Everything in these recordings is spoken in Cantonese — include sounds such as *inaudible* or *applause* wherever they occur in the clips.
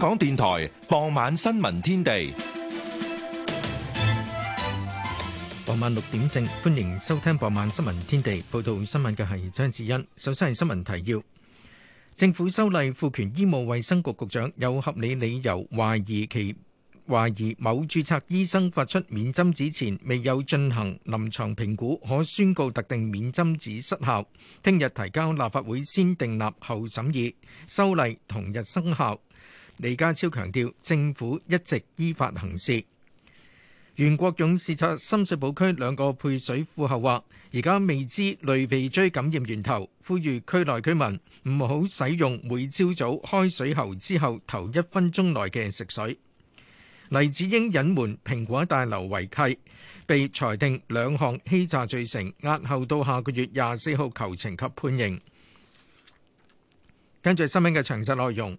港電台傍晚新聞天地，傍晚六點正歡迎收聽。傍晚新聞天地報道新聞嘅係張智欣。首先係新聞提要：政府修例，賦權醫務衛生局局長有合理理由懷疑其懷疑某註冊醫生發出免針紙前未有進行臨床評估，可宣告特定免針紙失效。聽日提交立法會先訂立後審議，修例同日生效。李家超強調，政府一直依法行事。袁國勇視察深水埗區兩個配水庫後，話而家未知類鼻疽感染源頭，呼籲區內居民唔好使用每朝早開水喉之後頭一分鐘內嘅食水。黎智英隱瞞蘋果大樓違契，被裁定兩項欺詐罪成，押後到下個月廿四號求情及判刑。跟住新聞嘅詳細內容。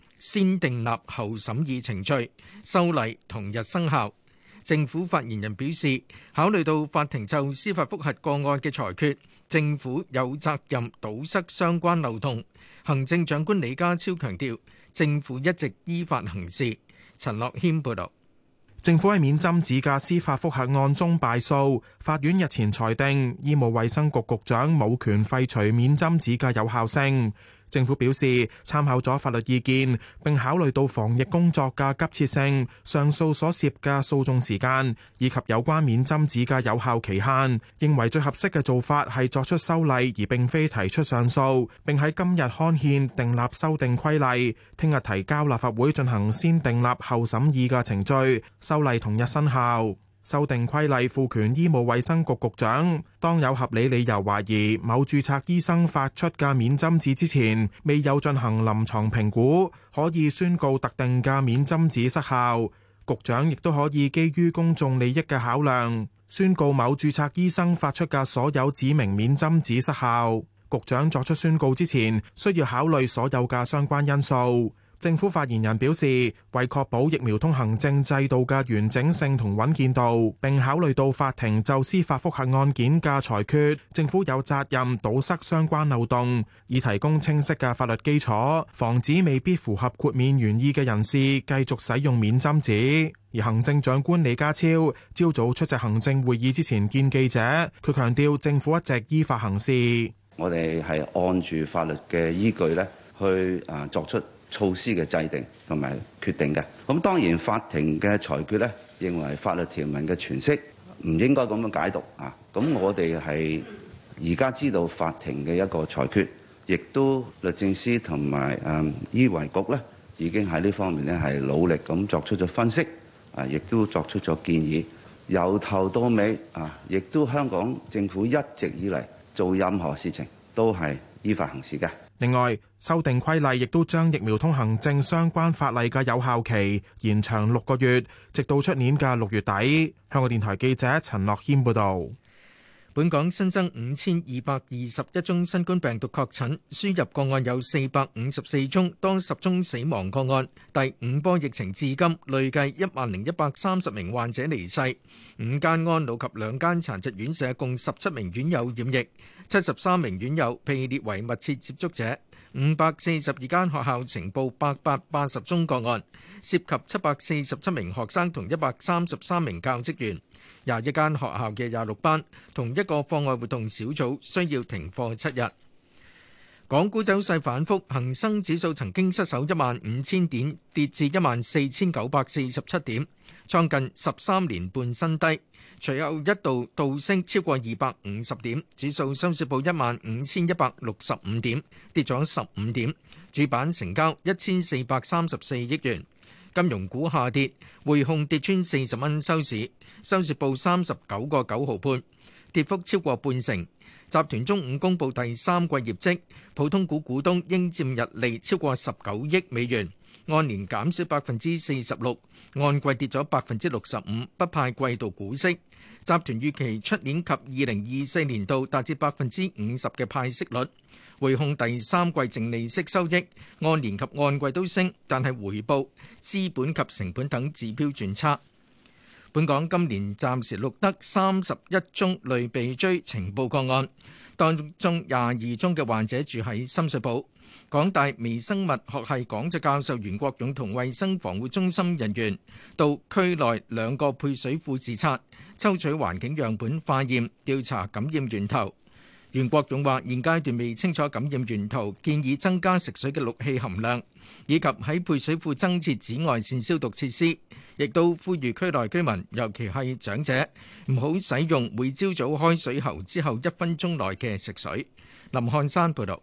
先訂立後審議程序，修例同日生效。政府發言人表示，考慮到法庭就司法覆核個案嘅裁決，政府有責任堵塞相關漏洞。行政長官李家超強調，政府一直依法行事。陳樂謙報導，政府喺免針紙嘅司法覆核案中敗訴。法院日前裁定，醫務衛生局局長冇權廢除免針紙嘅有效性。政府表示，參考咗法律意見，並考慮到防疫工作嘅急切性、上訴所涉嘅訴訟時間以及有關免針紙嘅有效期限，認為最合適嘅做法係作出修例，而並非提出上訴，並喺今日刊憲訂立修訂規例，聽日提交立法會進行先訂立後審議嘅程序，修例同日生效。修訂規例，賦權醫務衛生局局長，當有合理理由懷疑某註冊醫生發出嘅免針紙之前，未有進行臨床評估，可以宣告特定嘅免針紙失效。局長亦都可以基於公眾利益嘅考量，宣告某註冊醫生發出嘅所有指明免針紙失效。局長作出宣告之前，需要考慮所有嘅相關因素。政府發言人表示，為確保疫苗通行證制度嘅完整性同穩健度，並考慮到法庭就司法覆核案件嘅裁決，政府有責任堵塞相關漏洞，以提供清晰嘅法律基礎，防止未必符合豁免原意嘅人士繼續使用免針紙。而行政長官李家超朝早出席行政會議之前見記者，佢強調政府一直依法行事。我哋係按住法律嘅依據咧去啊作出措施嘅制定同埋決定嘅，咁當然法庭嘅裁決咧，認為法律條文嘅詮釋唔應該咁樣解讀啊，咁我哋係而家知道法庭嘅一個裁決亦都律政司同埋嗯醫衛局咧，已經喺呢方面咧係努力咁作出咗分析啊，亦都作出咗建議，由頭到尾啊，亦都香港政府一直以嚟做任何事情都係依法行事嘅。另外，修訂規例亦都將疫苗通行證相關法例嘅有效期延長六個月，直到出年嘅六月底。香港電台記者陳樂軒報導。本港新增五千二百二十一宗新冠病毒確診，輸入個案有四百五十四宗，多十宗死亡個案。第五波疫情至今累計一萬零一百三十名患者離世。五間安老及兩間殘疾院舍共十七名院友染疫，七十三名院友被列為密切接觸者。五百四十二間學校呈報八百八十宗個案，涉及七百四十七名學生同一百三十三名教職員。廿一間學校嘅廿六班同一個課外活動小組需要停課七日。港股走勢反復，恒生指數曾經失守一萬五千點，跌至一萬四千九百四十七點，創近十三年半新低。隨後一度倒升超過二百五十點，指數收市報一萬五千一百六十五點，跌咗十五點。主板成交一千四百三十四億元。金融股下跌，匯控跌穿四十蚊收市，收市報三十九個九毫半，跌幅超過半成。集團中午公布第三季業績，普通股股東應佔溢利超過十九億美元，按年減少百分之四十六，按季跌咗百分之六十五，不派季度股息。集團預期出年及二零二四年度達至百分之五十嘅派息率。匯控第三季淨利息收益按年及按季都升，但係回報資本及成本等指標轉差。本港今年暫時錄得三十一宗類鼻疽呈報個案，當中廿二宗嘅患者住喺深水埗。港大微生物學系講席教授袁國勇同衛生防護中心人員到區內兩個配水庫視察，抽取環境樣本化驗，調查感染源頭。袁國勇話：現階段未清楚感染源頭，建議增加食水嘅氯氣含量，以及喺配水庫增設紫外線消毒設施。亦都呼籲區內居民，尤其係長者，唔好使用每朝早開水喉之後一分鐘內嘅食水。林漢山報道。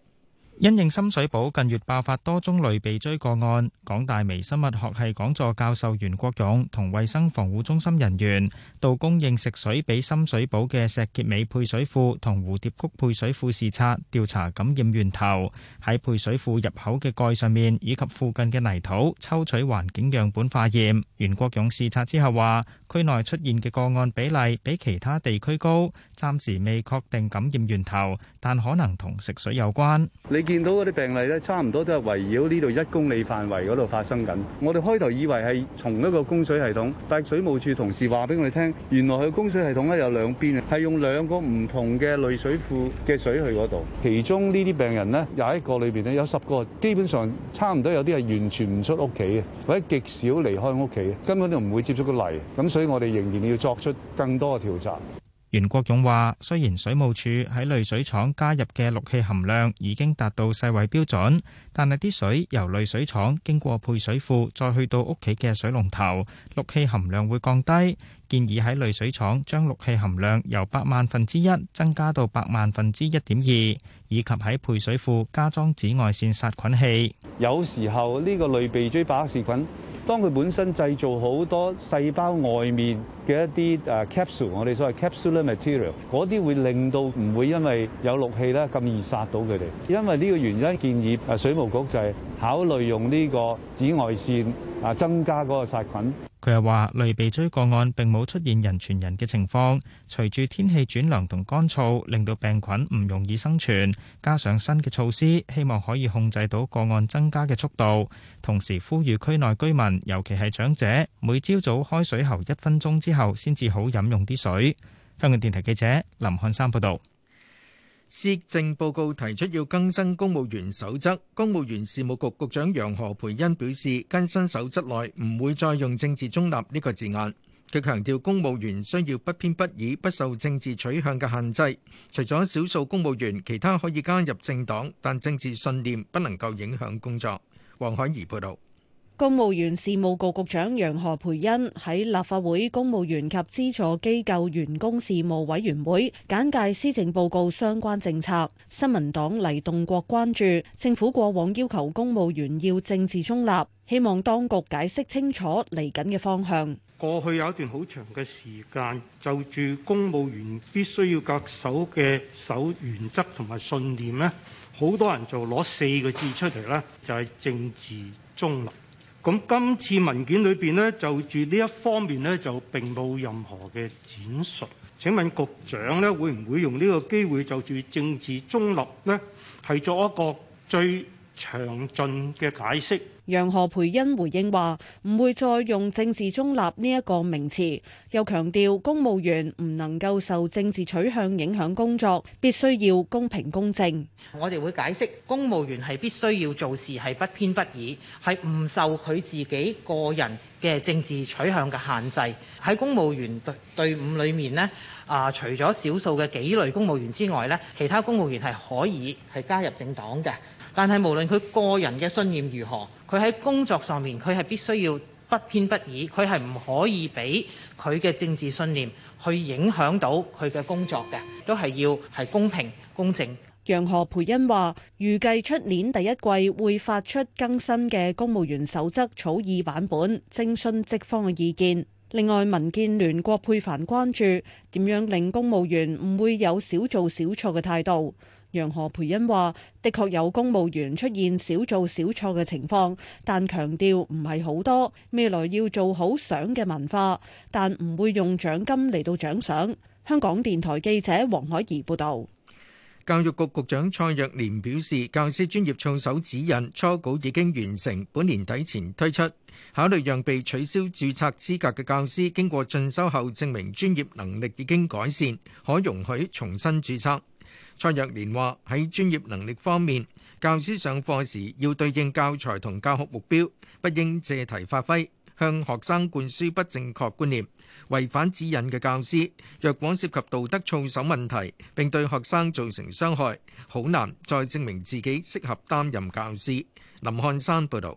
因應深水埗近月爆發多宗類鼻疽個案，港大微生物學系講座教授袁國勇同衛生防護中心人員到供應食水俾深水埗嘅石硤尾配水庫同蝴蝶谷配水庫視察，調查感染源頭。喺配水庫入口嘅蓋上面以及附近嘅泥土，抽取環境樣本化驗。袁國勇視察之後話，區內出現嘅個案比例比其他地區高，暫時未確定感染源頭，但可能同食水有關。見到嗰啲病例咧，差唔多都係圍繞呢度一公里範圍嗰度發生緊。我哋開頭以為係同一個供水系統，但係水務處同事話俾我哋聽，原來佢供水系統咧有兩邊啊，係用兩個唔同嘅濾水庫嘅水去嗰度。其中呢啲病人呢，廿一個裏邊呢有十個，基本上差唔多有啲係完全唔出屋企嘅，或者極少離開屋企，根本都唔會接觸個例。咁所以我哋仍然要作出更多嘅調查。袁國勇話：雖然水務署喺濾水廠加入嘅氯氣含量已經達到世衛標準，但係啲水由濾水廠經過配水庫再去到屋企嘅水龍頭，氯氣含量會降低。建議喺濾水廠將氯氣含量由百萬分之一增加到百萬分之一點二。以及喺配水庫加裝紫外線殺菌器。有時候呢個類鼻疽伯氏菌，當佢本身製造好多細胞外面嘅一啲誒 capsule，我哋所謂 capsular material，嗰啲會令到唔會因為有氯氣啦咁易殺到佢哋。因為呢個原因，建議誒水務局就係考慮用呢個紫外線啊，增加嗰個殺菌。佢又話：類鼻疽個案並冇出現人傳人嘅情況。隨住天氣轉涼同乾燥，令到病菌唔容易生存。加上新嘅措施，希望可以控制到個案增加嘅速度。同時呼籲區內居民，尤其係長者，每朝早開水喉一分鐘之後，先至好飲用啲水。香港電台記者林漢山報道。施政報告提出要更新公務員守則，公務員事務局局長楊何培恩表示更新守則內唔會再用政治中立呢個字眼，佢強調公務員需要不偏不倚，不受政治取向嘅限制，除咗少數公務員，其他可以加入政黨，但政治信念不能夠影響工作，黃海怡報道。公務員事務局局長楊何培恩喺立法會公務員及資助機構員工事務委員會簡介施政報告相關政策。新民黨黎棟國關注政府過往要求公務員要政治中立，希望當局解釋清楚嚟緊嘅方向。過去有一段好長嘅時間，就住公務員必須要恪守嘅守原則同埋信念呢，好多人就攞四個字出嚟，呢就係、是、政治中立。咁今次文件裏邊呢，就住呢一方面呢，就並冇任何嘅展述。請問局長呢，會唔會用呢個機會就住政治中立呢，係作一個最詳盡嘅解釋？楊何培恩回應話：唔會再用政治中立呢一個名詞，又強調公務員唔能夠受政治取向影響工作，必須要公平公正。我哋會解釋，公務員係必須要做事係不偏不倚，係唔受佢自己個人嘅政治取向嘅限制。喺公務員隊伍裏面呢啊，除咗少數嘅幾類公務員之外呢，其他公務員係可以係加入政黨嘅。但係無論佢個人嘅信念如何，佢喺工作上面佢係必須要不偏不倚，佢係唔可以俾佢嘅政治信念去影響到佢嘅工作嘅，都係要係公平公正。楊何蓓茵話：預計出年第一季會發出更新嘅公務員守則草擬版本，徵詢職方嘅意見。另外，民建聯葛珮帆關注點樣令公務員唔會有少做少錯嘅態度。楊何培恩話：的確有公務員出現少做少錯嘅情況，但強調唔係好多。未來要做好獎嘅文化，但唔會用獎金嚟到獎賞。香港電台記者黃海怡報道。教育局局長蔡若蓮表示，教師專業操守指引初稿已經完成，本年底前推出。考慮讓被取消註冊資格嘅教師經過進修後，證明專業能力已經改善，可容許重新註冊。蔡若蓮話：喺專業能力方面，教師上課時要對應教材同教學目標，不應借題發揮，向學生灌輸不正確觀念。違反指引嘅教師，若果涉及道德操守問題，並對學生造成傷害，好難再證明自己適合擔任教師。林漢山報道。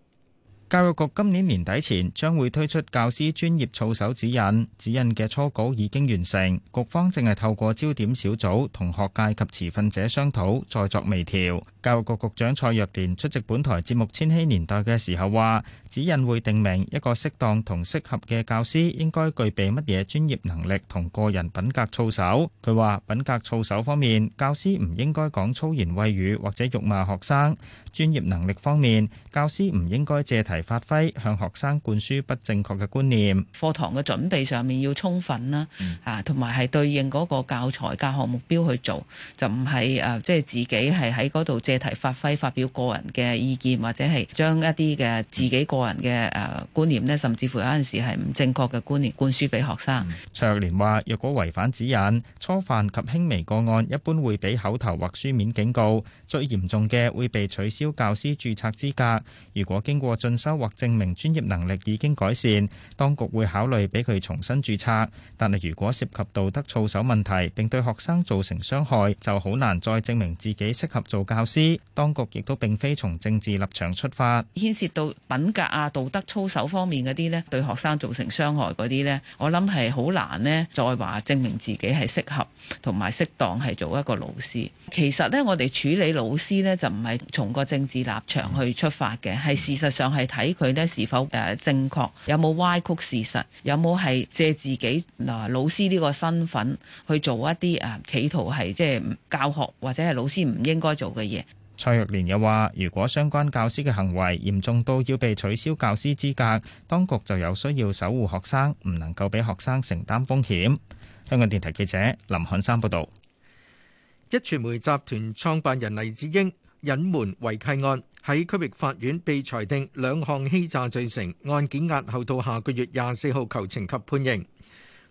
教育局今年年底前將會推出教師專業操守指引。指引嘅初稿已經完成，局方正係透過焦點小組同學界及持份者商討，再作微調。教育局局長蔡若蓮出席本台節目《千禧年代》嘅時候話，指引會定明一個適當同適合嘅教師應該具備乜嘢專業能力同個人品格操守。佢話品格操守方面，教師唔應該講粗言穢語或者辱罵學生；專業能力方面，教師唔應該借題發揮向學生灌輸不正確嘅觀念。課堂嘅準備上面要充分啦，啊，同埋係對應嗰個教材教學目標去做，就唔係誒，即係自己係喺嗰度。嘅題發揮發表個人嘅意見或者係將一啲嘅自己個人嘅誒觀念咧，甚至乎有陣時係唔正確嘅觀念灌輸俾學生。卓若蓮話，若果違反指引，初犯及輕微個案，一般會俾口頭或書面警告；最嚴重嘅會被取消教師注冊資格。如果經過進修或證明專業能力已經改善，當局會考慮俾佢重新注冊，但係如果涉及道德操守問題並對學生造成傷害，就好難再證明自己適合做教師。當局亦都並非從政治立場出發，牽涉到品格啊、道德操守方面嗰啲咧，對學生造成傷害嗰啲咧，我諗係好難咧，再話證明自己係適合同埋適當係做一個老師。其實咧，我哋處理老師咧就唔係從個政治立場去出發嘅，係事實上係睇佢咧是否誒正確，有冇歪曲事實，有冇係借自己嗱老師呢個身份去做一啲啊，企圖係即係教學或者係老師唔應該做嘅嘢。蔡若蓮又話，如果相關教師嘅行為嚴重到要被取消教師資格，當局就有需要守護學生，唔能夠俾學生承擔風險。香港電台記者林漢山報道。壹傳媒集團創辦人黎智英隱瞞違契案喺區域法院被裁定兩項欺詐罪成，案件押後到下個月廿四號求情及判刑。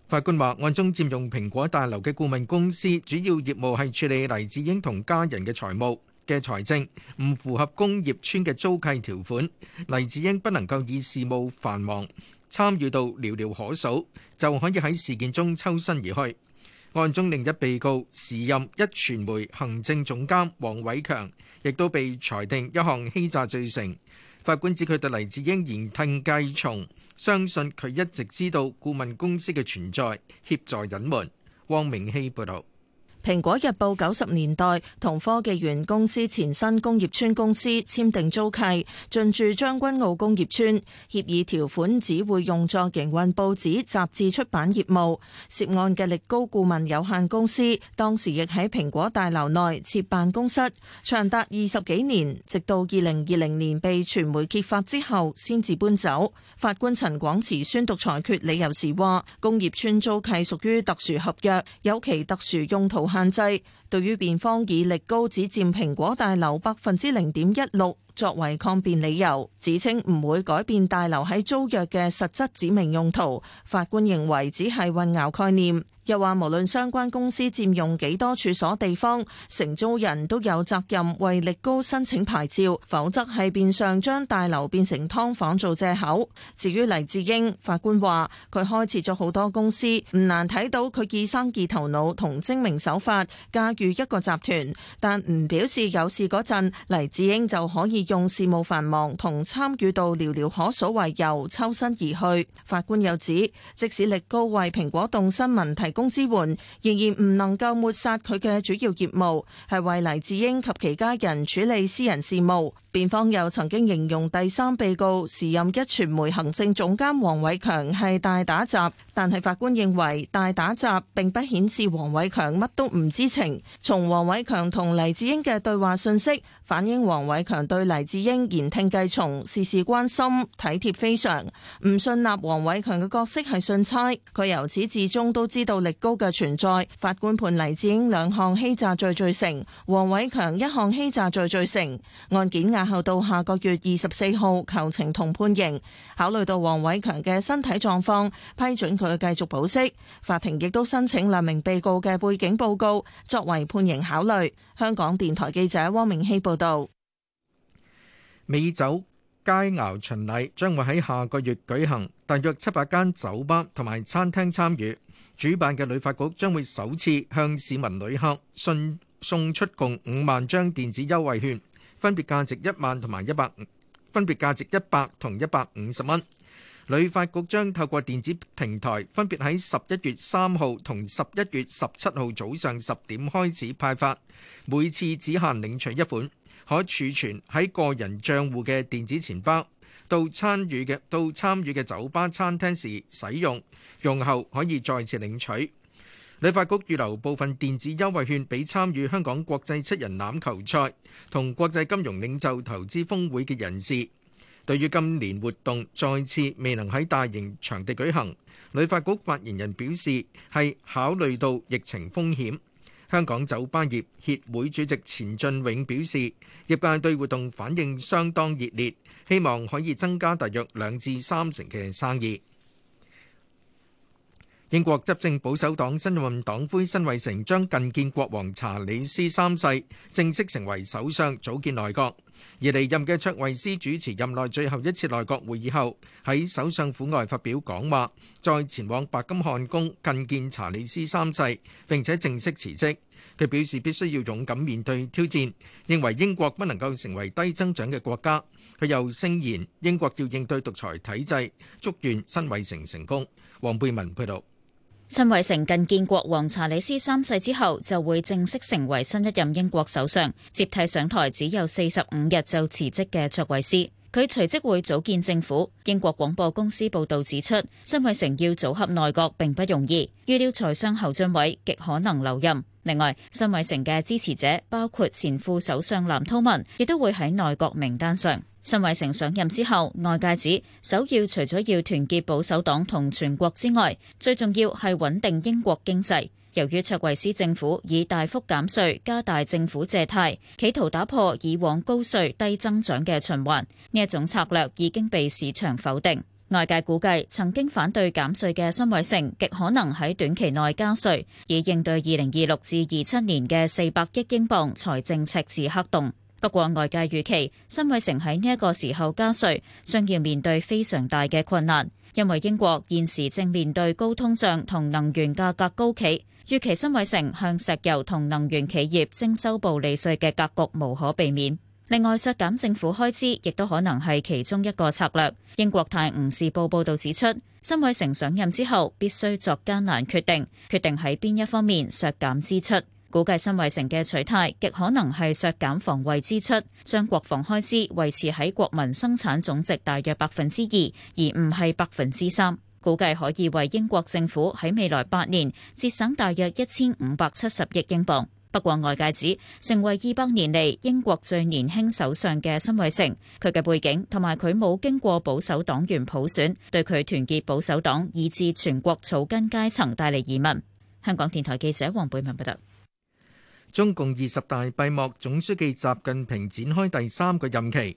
法官話，案中佔用蘋果大樓嘅顧問公司，主要業務係處理黎智英同家人嘅財務。嘅財政唔符合工業村嘅租契條款，黎智英不能夠以事務繁忙參與到寥寥可數就可以喺事件中抽身而去。案中另一被告時任壹傳媒行政總監黃偉強，亦都被裁定一項欺詐罪成。法官指佢對黎智英言聽計從，相信佢一直知道顧問公司嘅存在，協助隱瞞。汪明希報道。《蘋果日報》九十年代同科技園公司前身工業村公司簽訂租契，進駐將軍澳工業村。協議條款只會用作營運報紙雜誌出版業務。涉案嘅力高顧問有限公司當時亦喺蘋果大樓內設辦公室，長達二十幾年，直到二零二零年被傳媒揭發之後，先至搬走。法官陳廣慈宣讀裁決理由時話：工業村租契屬於特殊合約，有其特殊用途。限制對於辯方以力高只佔蘋果大樓百分之零點一六作為抗辯理由。指稱唔會改變大樓喺租約嘅實質指明用途，法官認為只係混淆概念。又話無論相關公司佔用幾多處所地方，承租人都有責任為力高申請牌照，否則係變相將大樓變成劏房做藉口。至於黎智英，法官話佢開設咗好多公司，唔難睇到佢以生意頭腦同精明手法駕馭一個集團，但唔表示有事嗰陣黎智英就可以用事務繁忙同。參與到寥寥可數為由抽身而去。法官又指，即使力高為蘋果動新聞提供支援，仍然唔能夠抹殺佢嘅主要業務，係為黎智英及其家人處理私人事務。辯方又曾經形容第三被告時任壹傳媒行政總監黃偉強係大打雜，但係法官認為大打雜並不顯示黃偉強乜都唔知情。從黃偉強同黎智英嘅對話信息，反映黃偉強對黎智英言聽計從，事事關心體貼非常。唔信納黃偉強嘅角色係信差，佢由始至終都知道力高嘅存在。法官判黎智英兩項欺詐罪罪成，黃偉強一項欺詐罪罪成。案件壓。押後到下個月二十四號求情同判刑，考慮到黃偉強嘅身體狀況，批准佢繼續保釋。法庭亦都申請兩名被告嘅背景報告作為判刑考慮。香港電台記者汪明希報道。美酒佳肴巡禮將會喺下個月舉行，大約七百間酒吧同埋餐廳參與。主辦嘅旅發局將會首次向市民旅客送送出共五萬張電子優惠券，分別價值一萬同埋一百五，分別價值一百同一百五十蚊。旅發局將透過電子平台，分別喺十一月三號同十一月十七號早上十點開始派發，每次只限領取一款，可儲存喺個人帳戶嘅電子錢包，到參與嘅到參與嘅酒吧餐廳時使用，用後可以再次領取。旅發局預留部分電子優惠券俾參與香港國際七人欖球賽同國際金融領袖投資峯會嘅人士。對於今年活動再次未能喺大型場地舉行，旅發局發言人表示係考慮到疫情風險。香港酒吧業協會主席錢俊永表示，業界對活動反應相當熱烈，希望可以增加大約兩至三成嘅生意。英國執政保守黨新任黨魁辛偉成將覲見國王查理斯三世，正式成為首相，組建內閣。而離任嘅卓惠斯主持任內最後一次內閣會議後，喺首相府外發表講話，再前往白金漢宮覲見查理斯三世，並且正式辭職。佢表示必須要勇敢面對挑戰，認為英國不能夠成為低增長嘅國家。佢又聲言英國要應對獨裁體制，祝願辛偉成成功。王貝文報道。辛偉誠覲見國王查理斯三世之後，就會正式成為新一任英國首相，接替上台只有四十五日就辭職嘅卓慧思。佢隨即會組建政府。英國廣播公司報導指出，辛偉誠要組合內閣並不容易。預料財相侯俊偉極可能留任。另外，辛偉誠嘅支持者包括前副首相藍韜文，亦都會喺內閣名單上。辛偉誠上任之後，外界指首要除咗要團結保守黨同全國之外，最重要係穩定英國經濟。由於卓慧思政府以大幅減稅、加大政府借貸，企圖打破以往高稅低增長嘅循環，呢一種策略已經被市場否定。外界估計，曾經反對減稅嘅辛偉誠極可能喺短期內加稅，以應對二零二六至二七年嘅四百億英鎊財政赤字黑洞。不過，外界預期辛偉誠喺呢一個時候加稅，將要面對非常大嘅困難，因為英國現時正面對高通脹同能源價格高企。預期辛偉誠向石油同能源企業徵收暴利稅嘅格局無可避免。另外，削減政府開支亦都可能係其中一個策略。英國泰晤士報報道指出，辛偉誠上任之後必須作艱難決定，決定喺邊一方面削減支出。估計辛偉誠嘅取態極可能係削減防衛支出，將國防開支維持喺國民生產總值大約百分之二，而唔係百分之三。估計可以為英國政府喺未來八年節省大約一千五百七十億英鎊。不過外界指，成為二百年嚟，英國最年輕首相嘅辛偉成，佢嘅背景同埋佢冇經過保守黨員普選，對佢團結保守黨以至全國草根階層帶嚟疑問。香港電台記者黃貝文報道。中共二十大閉幕，總書記習近平展開第三個任期。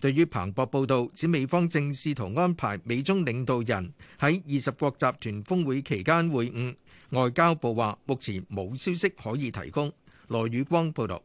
對於彭博報道指美方正試圖安排美中領導人喺二十國集團峰會期間會晤，外交部話目前冇消息可以提供。羅宇光報導。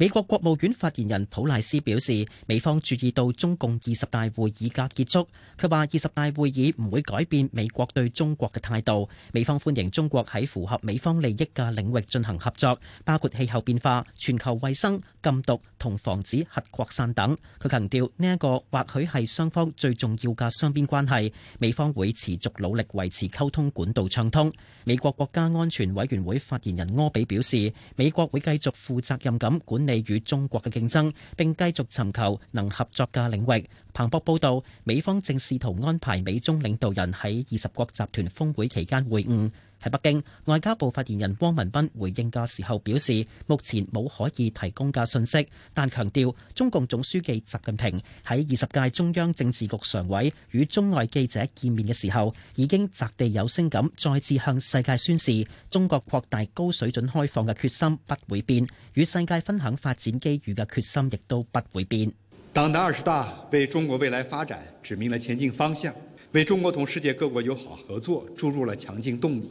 美國國務院發言人普賴斯表示，美方注意到中共二十大會議隔結束。佢話：二十大會議唔會改變美國對中國嘅態度。美方歡迎中國喺符合美方利益嘅領域進行合作，包括氣候變化、全球衞生、禁毒同防止核擴散等。佢強調呢一個或許係雙方最重要嘅雙邊關係。美方會持續努力維持溝通管道暢通。美國國家安全委員會發言人柯比表示，美國會繼續負責任咁管理，係與中國嘅競爭，並繼續尋求能合作嘅領域。彭博報道，美方正試圖安排美中領導人喺二十國集團峰會期間會晤。喺北京，外交部發言人汪文斌回應嘅時候表示，目前冇可以提供嘅信息，但強調中共總書記習近平喺二十屆中央政治局常委與中外記者見面嘅時候，已經擲地有聲咁再次向世界宣示中國擴大高水準開放嘅決心不會變，與世界分享發展機遇嘅決心亦都不會變。黨的二十大為中國未來發展指明了前進方向，為中國同世界各國友好合作注入了強勁動力。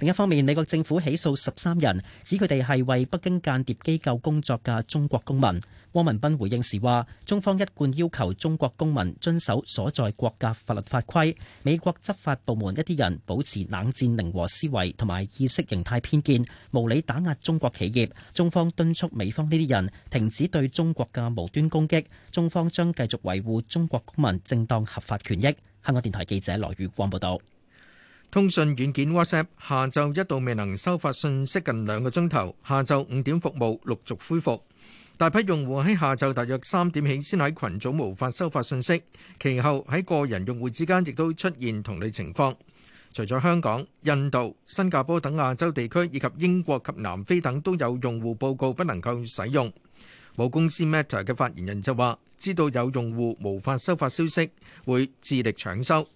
另一方面，美國政府起訴十三人，指佢哋係為北京間諜機構工作嘅中國公民。汪文斌回應時話：中方一貫要求中國公民遵守所在國家法律法規。美國執法部門一啲人保持冷戰零和思維同埋意識形態偏見，無理打壓中國企業。中方敦促美方呢啲人停止對中國嘅無端攻擊。中方將繼續維護中國公民正當合法權益。香港電台記者羅宇光報道。通訊軟件 WhatsApp 下晝一度未能收發信息近兩個鐘頭，下晝五點服務陸續恢復。大批用戶喺下晝大約三點起先喺群組無法收發信息，其後喺個人用戶之間亦都出現同類情況。除咗香港、印度、新加坡等亞洲地區，以及英國及南非等都有用戶報告不能夠使用。母公司 Meta 嘅發言人就話：知道有用戶無法收發消息，會致力搶修。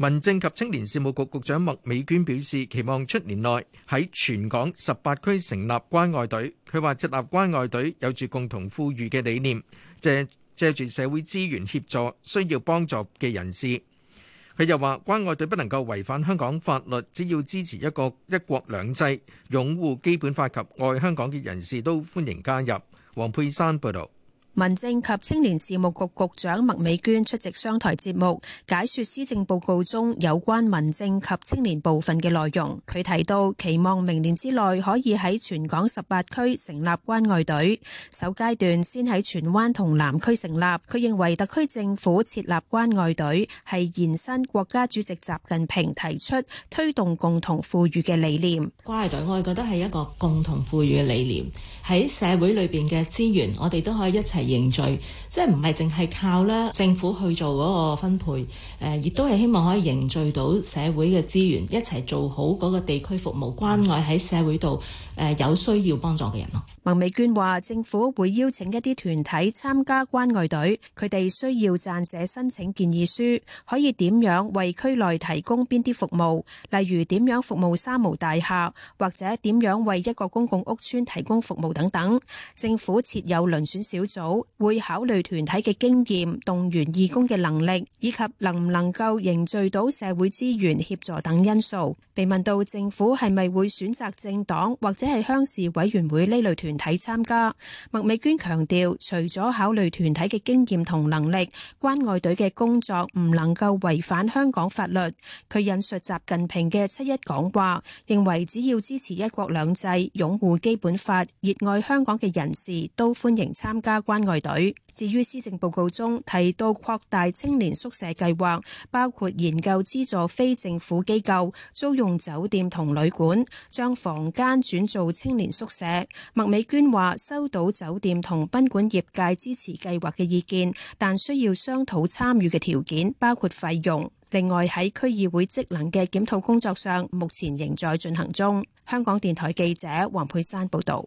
民政及青年事務局局長麥美娟表示，期望出年內喺全港十八區成立關愛隊。佢話設立關愛隊有住共同富裕嘅理念，借借住社會資源協助需要幫助嘅人士。佢又話關愛隊不能夠違反香港法律，只要支持一個一國兩制、擁護基本法及愛香港嘅人士都歡迎加入。黃佩珊報道。民政及青年事務局局長麥美娟出席商台節目，解說施政報告中有關民政及青年部分嘅內容。佢提到，期望明年之內可以喺全港十八區成立關愛隊，首階段先喺荃灣同南區成立。佢認為特區政府設立關愛隊係延伸國家主席習近平提出推動共同富裕嘅理念。關愛隊，我哋覺得係一個共同富裕嘅理念。喺社會裏邊嘅資源，我哋都可以一齊凝聚，即係唔係淨係靠咧政府去做嗰個分配，誒、呃，亦都係希望可以凝聚到社會嘅資源，一齊做好嗰個地區服務關愛喺社會度。誒有需要幫助嘅人咯。麥美娟話：政府會邀請一啲團體參加關愛隊，佢哋需要撰寫申請建議書，可以點樣為區內提供邊啲服務，例如點樣服務三無大廈，或者點樣為一個公共屋邨提供服務等等。政府設有遴選小組，會考慮團體嘅經驗、動員義工嘅能力，以及能唔能夠凝聚到社會資源協助等因素。被問到政府係咪會選擇政黨或者？即係鄉事委員會呢類團體參加，麥美娟強調，除咗考慮團體嘅經驗同能力，關愛隊嘅工作唔能夠違反香港法律。佢引述習近平嘅七一講話，認為只要支持一國兩制、擁護基本法、熱愛香港嘅人士都歡迎參加關愛隊。至於施政報告中提到擴大青年宿舍計劃，包括研究資助非政府機構租用酒店同旅館，將房間轉做青年宿舍。麥美娟話：收到酒店同賓館業界支持計劃嘅意見，但需要商討參與嘅條件，包括費用。另外，喺區議會職能嘅檢討工作上，目前仍在進行中。香港電台記者黃佩珊報導。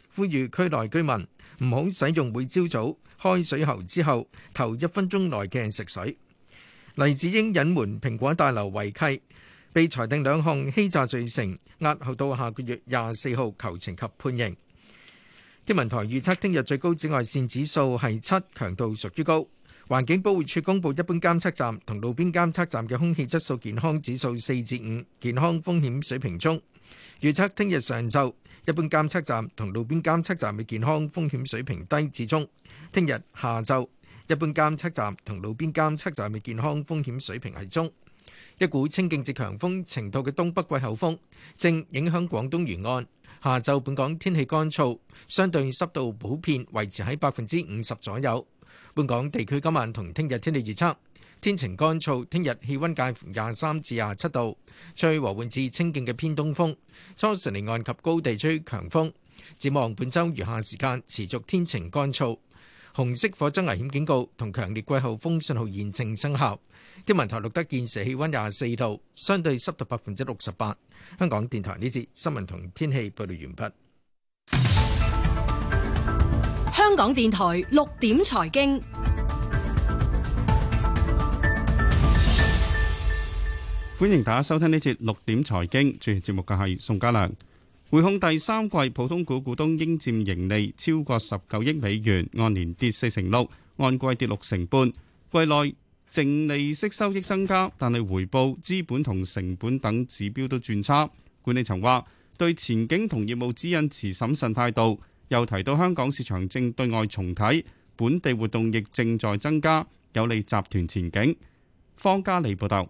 呼籲區內居民唔好使用每朝早開水喉之後頭一分鐘內嘅食水。黎智英隱瞞蘋果大樓違契，被裁定兩項欺詐罪成，押後到下個月廿四號求情及判刑。天文台預測聽日最高紫外線指數係七，強度屬於高。環境保護署公布，一般監測站同路邊監測站嘅空氣質素健康指數四至五，健康風險水平中。預測聽日上晝，一般監測站同路邊監測站嘅健康風險水平低至中；聽日下晝，一般監測站同路邊監測站嘅健康風險水平係中。一股清勁至強風程度嘅東北季候風正影響廣東沿岸，下晝本港天氣乾燥，相對濕度普遍維持喺百分之五十左右。本港地區今晚同聽日天氣預測，天晴乾燥。聽日氣温介乎廿三至廿七度，吹和緩至清勁嘅偏東風。初時離岸及高地吹強風。展望本週餘下時間持續天晴乾燥。紅色火災危險警告同強烈季候風信號現正生效。天文台錄得現時氣温廿四度，相對濕度百分之六十八。香港電台呢節新聞同天氣報道完畢。香港電台六點財經，歡迎大家收聽呢節六點財經。主持節目嘅係宋家良。滙控第三季普通股股東應占盈利超過十九億美元，按年跌四成六，按季跌六成半。季內淨利息收益增加，但係回報、資本同成本等指標都轉差。管理層話對前景同業務指引持審慎態度。又提到香港市場正對外重啟，本地活動亦正在增加，有利集團前景。方家利報道。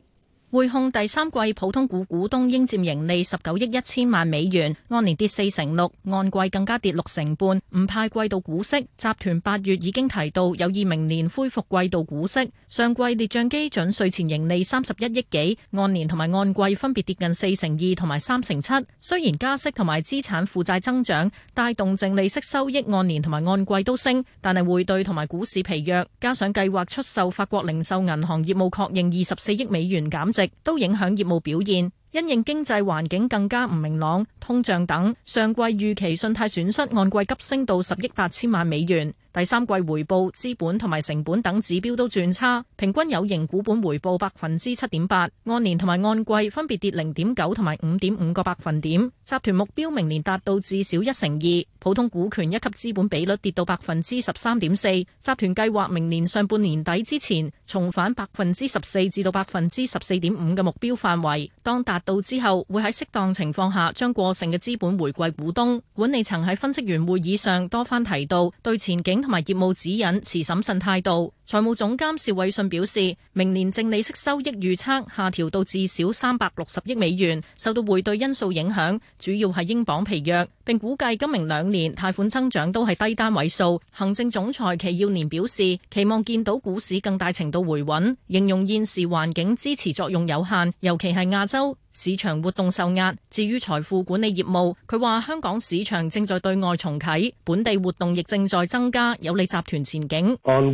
匯控第三季普通股股東應佔盈利十九億一千萬美元，按年跌四成六，按季更加跌六成半，唔派季度股息。集團八月已經提到有意明年恢復季度股息。上季列賬基準稅前盈利三十一億幾，按年同埋按季分別跌近四成二同埋三成七。雖然加息同埋資產負債增長帶動淨利息收益按年同埋按季都升，但係匯兌同埋股市疲弱，加上計劃出售法國零售銀行業務，確認二十四億美元減值，都影響業務表現，因應經濟環境更加唔明朗，通脹等，上季預期信貸損失按季急升到十億八千萬美元。第三季回報、資本同埋成本等指標都轉差，平均有形股本回報百分之七點八，按年同埋按季分別跌零點九同埋五點五個百分點。集團目標明年達到至少一成二，普通股權一級資本比率跌到百分之十三點四。集團計劃明年上半年底之前重返百分之十四至到百分之十四點五嘅目標範圍，當達到之後會喺適當情況下將過剩嘅資本回饋股東。管理層喺分析員會議上多番提到對前景。同埋業務指引持審慎態度。財務總監邵偉信表示，明年淨利息收益預測下調到至少三百六十億美元，受到匯兌因素影響，主要係英鎊疲弱，並估計今明兩年貸款增長都係低單位數。行政總裁祁耀年表示，期望見到股市更大程度回穩，形容現時環境支持作用有限，尤其係亞洲。市場活動受壓。至於財富管理業務，佢話香港市場正在對外重啟，本地活動亦正在增加，有利集團前景。On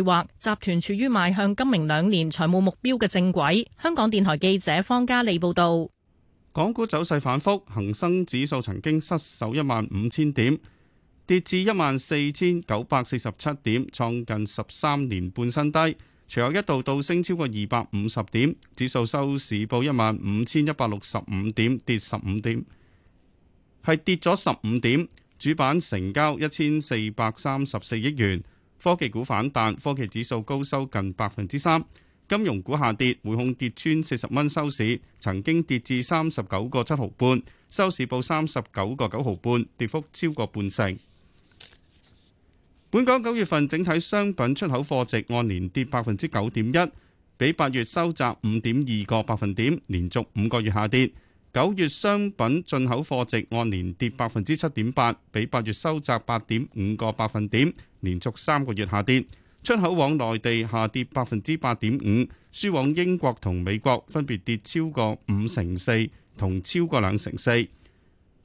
或集團處於邁向今明兩年財務目標嘅正軌。香港電台記者方嘉利報道。港股走勢反復，恒生指數曾經失守一萬五千點，跌至一萬四千九百四十七點，創近十三年半新低。隨後一度倒升超過二百五十點，指數收市報一萬五千一百六十五點，跌十五點，係跌咗十五點。主板成交一千四百三十四億元。科技股反彈，科技指數高收近百分之三。金融股下跌，匯控跌穿四十蚊收市，曾經跌至三十九個七毫半，收市報三十九個九毫半，跌幅超過半成。本港九月份整體商品出口貨值按年跌百分之九點一，比八月收窄五點二個百分點，連續五個月下跌。九月商品進口貨值按年跌百分之七點八，比八月收窄八點五個百分點，連續三個月下跌。出口往內地下跌百分之八點五，輸往英國同美國分別跌超過五成四同超過兩成四。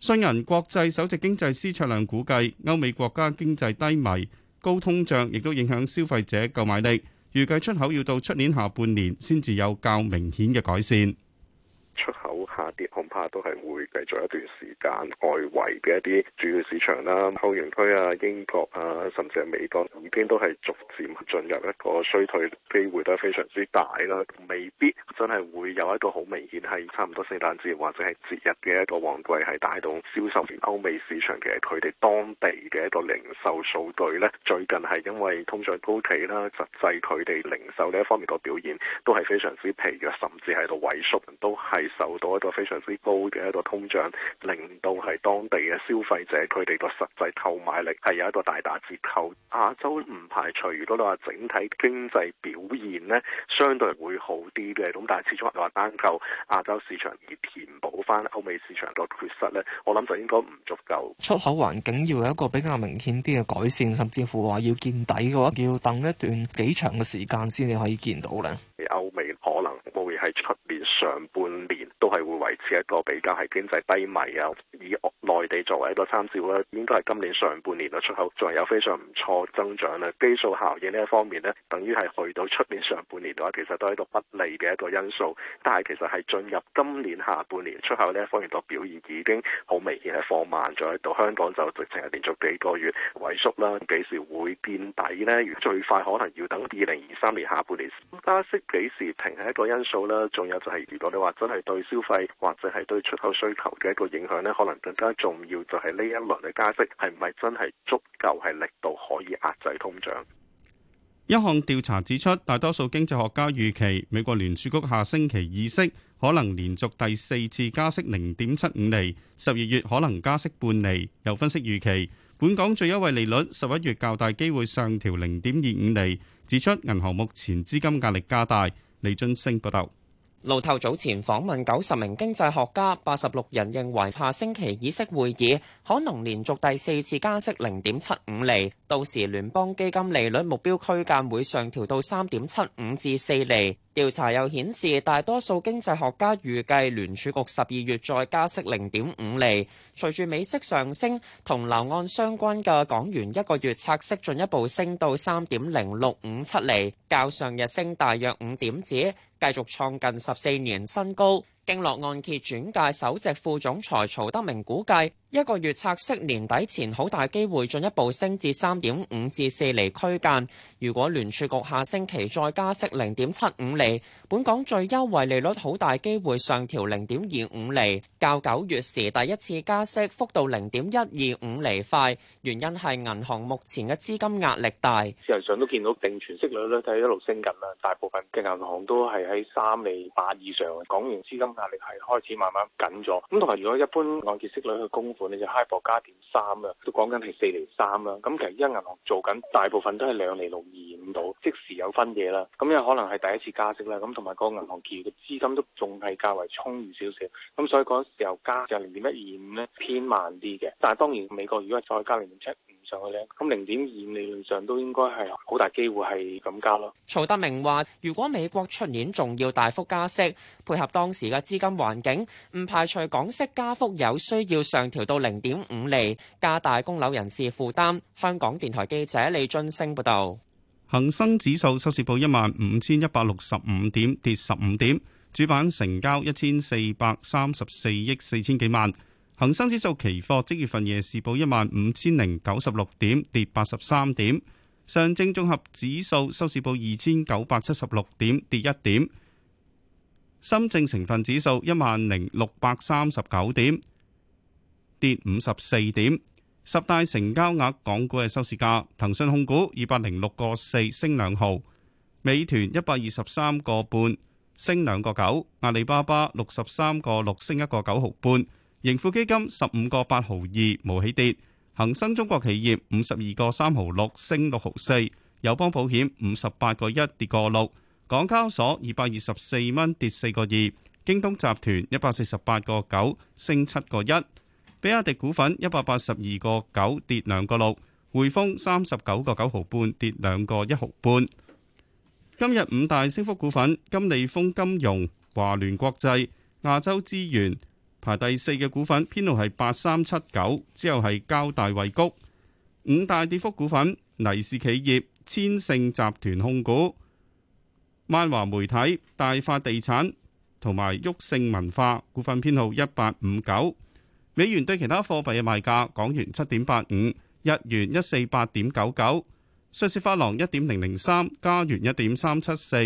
信銀國際首席經濟師卓亮估計，歐美國家經濟低迷、高通脹，亦都影響消費者購買力，預計出口要到出年下半年先至有較明顯嘅改善。出口。下跌恐怕都係會繼續一段時間，外圍嘅一啲主要市場啦、歐元區啊、英國啊，甚至係美國，已經都係逐漸進入一個衰退，機會都係非常之大啦。未必真係會有一個好明顯係差唔多聖誕節或者係節日嘅一個旺季，係帶動銷售。歐美市場其實佢哋當地嘅一個零售數據咧，最近係因為通脹高企啦，實際佢哋零售呢一方面個表現都係非常之疲弱，甚至喺度萎縮都係受到一個非常之高嘅一個通脹，令到係當地嘅消費者，佢哋個實際購買力係有一個大打折扣。亞洲唔排除，如果你話整體經濟表現咧，相對會好啲嘅。咁但係始終你話單靠亞洲市場而填補翻歐美市場個缺失咧，我諗就應該唔足夠。出口環境要有一個比較明顯啲嘅改善，甚至乎話要見底嘅話，要等一段幾長嘅時間先至可以見到咧。歐美可能。會係出年上半年都係會維持一個比較係經濟低迷啊。以內地作為一個參照啦，應該係今年上半年嘅出口仲係有非常唔錯增長啦。基數效應呢一方面咧，等於係去到出年上半年嘅話，其實都係一個不利嘅一個因素。但係其實係進入今年下半年出口呢一方面嘅表現已經好明顯係放慢咗喺度。香港就直情係連續幾個月萎縮啦。幾時會見底咧？如最快可能要等二零二三年下半年加息幾時停係一個因素，數啦，仲有就係，如果你話真係對消費或者係對出口需求嘅一個影響呢，可能更加重要就係呢一輪嘅加息係唔係真係足夠係力度可以壓制通脹。一項調查指出，大多數經濟學家預期美國聯儲局下星期議息可能連續第四次加息零點七五厘，十二月可能加息半厘。有分析預期，本港最優惠利率十一月較大機會上調零點二五厘，指出銀行目前資金壓力加大。李俊升報道。 *noise* 路透早前訪問九十名經濟學家，八十六人認為下星期議息會議可能連續第四次加息零點七五厘，到時聯邦基金利率目標區間會上調到三點七五至四厘。調查又顯示，大多數經濟學家預計聯儲局十二月再加息零點五厘。隨住美息上升同樓按相關嘅港元一個月拆息進一步升到三點零六五七厘，較上日升大約五點子，繼續創近十四年新高，經絡按揭轉介首席副總裁曹德明估計，一個月拆息年底前好大機會進一步升至三點五至四厘區間。如果聯儲局下星期再加息零點七五厘，本港最優惠利率好大機會上調零點二五厘，較九月時第一次加息幅度零點一二五厘快。原因係銀行目前嘅資金壓力大，事實上都見到定存息率咧都係一路升緊啦。大部分嘅銀行都係喺三厘八以上。港元資金壓力係開始慢慢緊咗。咁同埋如果一般按揭息率嘅供你就 HIBOR 加點三嘅，都講緊係四厘三啦。咁其實依家銀行做緊大部分都係兩厘六二五到，即時有分嘢啦。咁因為可能係第一次加息啦，咁同埋個銀行其餘嘅資金都仲係較為充裕少少。咁所以嗰時候加就零點一二五咧，5, 偏慢啲嘅。但係當然美國如果再加零點七。5, 上嘅咧，咁零點二理論上都應該係好大機會係咁加咯。曹德明話：如果美國出年仲要大幅加息，配合當時嘅資金環境，唔排除港息加幅有需要上調到零點五厘，加大供樓人士負擔。香港電台記者李津升報道：恒生指數收市報一萬五千一百六十五點，跌十五點。主板成交一千四百三十四億四千幾萬。恒生指數期貨即月份夜市報一萬五千零九十六點，跌八十三點。上證綜合指數收市報二千九百七十六點，跌一點。深證成分指數一萬零六百三十九點，跌五十四點。十大成交額港股嘅收市價：騰訊控股二百零六個四升兩毫，美團一百二十三個半升兩個九，阿里巴巴六十三個六升一個九毫半。盈富基金十五個八毫二，冇起跌；恒生中國企業五十二個三毫六，升六毫四；友邦保險五十八個一，跌個六；港交所二百二十四蚊，跌四個二；京東集團一百四十八個九，升七個一；比亞迪股份一百八十二個九，跌兩個六；匯豐三十九個九毫半，跌兩個一毫半。今日五大升幅股份：金利豐金融、華聯國際、亞洲資源。排第四嘅股份編號係八三七九，之後係交大惠谷。五大跌幅股份，泥市企業千勝集團控股、萬華媒體、大發地產同埋旭盛文化股份編號一八五九。美元對其他貨幣嘅賣價，港元七點八五，日元一四八點九九，瑞士法郎一點零零三，加元一點三七四，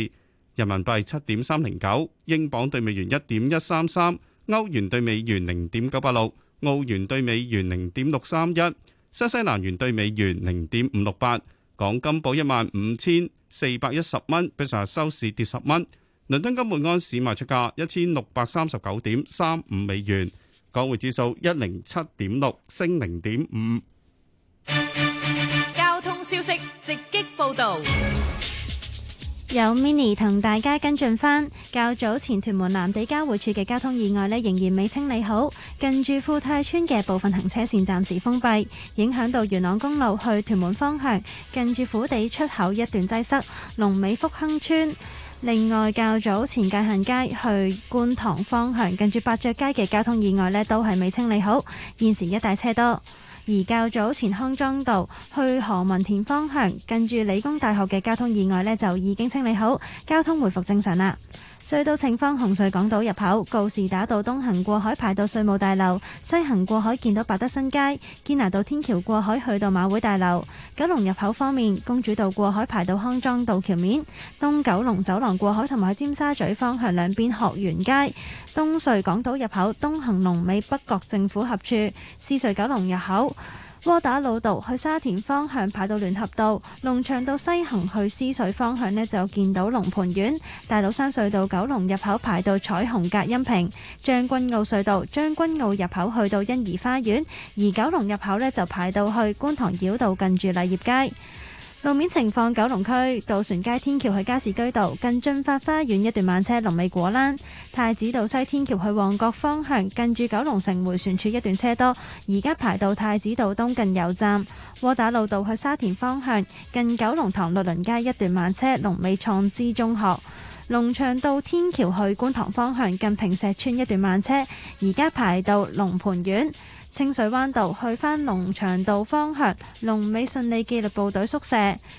人民幣七點三零九，英鎊對美元一點一三三。歐元對美元零點九八六，澳元對美元零點六三一，新西蘭元對美元零點五六八。港金報一萬五千四百一十蚊，比上日收市跌十蚊。倫敦金每安士賣出價一千六百三十九點三五美元，港匯指數一零七點六升零點五。交通消息直擊報道。有 mini 同大家跟進返較早前屯門藍地交匯處嘅交通意外咧，仍然未清理好，近住富泰村嘅部分行車線暫時封閉，影響到元朗公路去屯門方向，近住虎地出口一段擠塞，龍尾福亨村。另外，較早前界限街去觀塘方向，近住伯爵街嘅交通意外咧，都係未清理好，現時一帶車多。而較早前康莊道去何文田方向，近住理工大學嘅交通意外呢，就已經清理好，交通回復正常啦。隧道情況：紅隧港島入口告士打道東行過海，排到稅務大樓；西行過海見到百德新街，堅拿道天橋過海去到馬會大樓。九龍入口方面，公主道過海排到康莊道橋面，東九龍走廊過海同埋尖沙咀方向兩邊鶴園街。東隧港島入口東行龍尾北角政府合處，獅隧九龍入口，窩打老道去沙田方向排到聯合道、龍翔道西行去獅隧方向呢就見到龍蟠苑、大老山隧道九龍入口排到彩虹隔音屏、將軍澳隧道將軍澳入口去到欣怡花園，而九龍入口呢，就排到去觀塘繞道近住麗業街。路面情況：九龍區渡船街天橋去加士居道近駿發花園一段慢車，龍尾果欄；太子道西天橋去旺角方向近住九龍城回旋處一段車多，而家排到太子道東近油站；窩打老道去沙田方向近九龍塘律倫街一段慢車，龍尾創知中學；龍翔道天橋去觀塘方向近平石村一段慢車，而家排到龍蟠苑。清水灣道去返龍翔道方向，龍尾順利紀律部隊宿舍。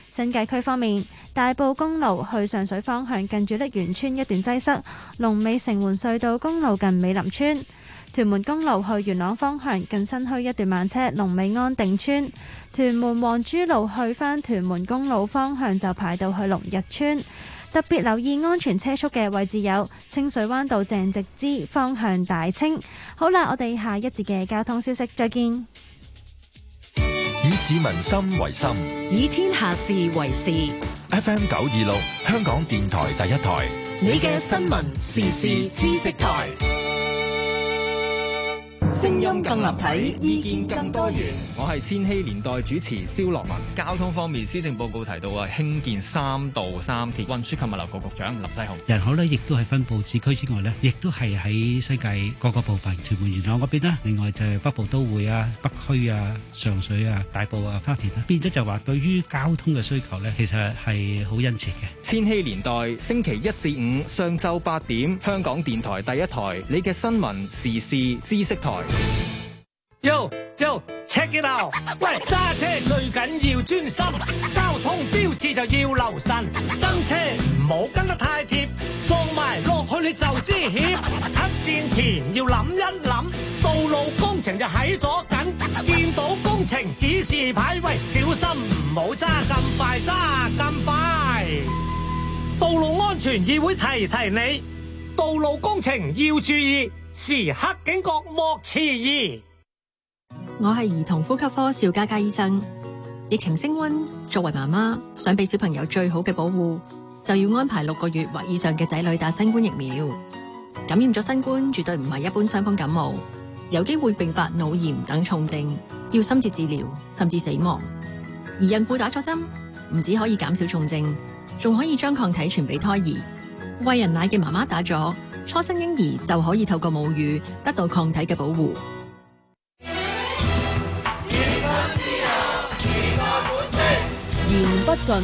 新界區方面，大埔公路去上水方向近住瀝源村一段擠塞，龍尾城門隧道公路近美林村。屯門公路去元朗方向近新墟一段慢車，龍尾安定村。屯門皇珠路去返屯門公路方向就排到去龍日村。特別留意安全車速嘅位置有清水灣道鄭直支方向大清。好啦，我哋下一節嘅交通消息，再見。以市民心為心，以天下事為事。FM 九二六，香港電台第一台，你嘅新聞時事知識台。聲音更立體，意見更多元。我係千禧年代主持蕭樂文。交通方面，施政報告提到啊，興建三度三鐵。運輸及物流局局長林世雄。人口咧，亦都係分布市區之外咧，亦都係喺世界各個部分，屯門元朗嗰邊啦。另外就係北部都會啊，北區啊，上水啊，大埔啊，沙田啊，變咗就話對於交通嘅需求咧，其實係好殷切嘅。千禧年代星期一至五上晝八點，香港電台第一台，你嘅新聞時事知識台。Yo Yo, Check it out！喂，揸車最緊要專心，交通標誌就要留神，跟車唔好跟得太貼，撞埋落去你就知險。黑線前要諗一諗，道路工程就喺左近，見到工程指示牌喂，小心唔好揸咁快，揸咁快。道路安全議會提提你，道路工程要注意。時刻警覺莫遲疑。我係兒童呼吸科邵嘉嘉醫生。疫情升温，作為媽媽想俾小朋友最好嘅保護，就要安排六個月或以上嘅仔女打新冠疫苗。感染咗新冠絕對唔係一般傷風感冒，有機會併發腦炎等重症，要深切治療甚至死亡。而孕婦打咗針唔止可以減少重症，仲可以將抗體傳俾胎兒。喂人奶嘅媽媽打咗。初生嬰兒就可以透過母乳得到抗體嘅保護。言不盡。